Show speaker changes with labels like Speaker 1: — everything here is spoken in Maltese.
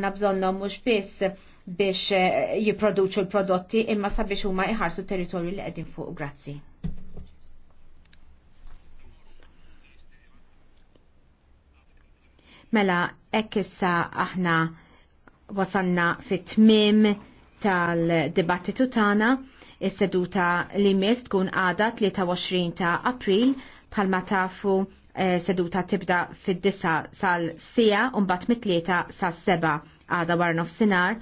Speaker 1: għanna bżonnom mux biss biex eh, jiproduċu l-prodotti imma sabiex huma iħarsu territorju li qegħdin fuq. Grazzi. Mela, hekk issa aħna wasanna fit-tmim tal-dibattitu tagħna is-seduta li mis tkun għada 23 ta' April bħalma tafu Eh, seduta tibda fid-disa sal-sija un bat mit-tlieta sal-seba għada war nofsinar